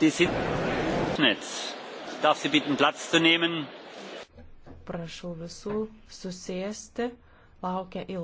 Die sind jetzt. Ich darf Sie bitten, Platz zu nehmen. Prašau visų susėsti. Laukia ilgas.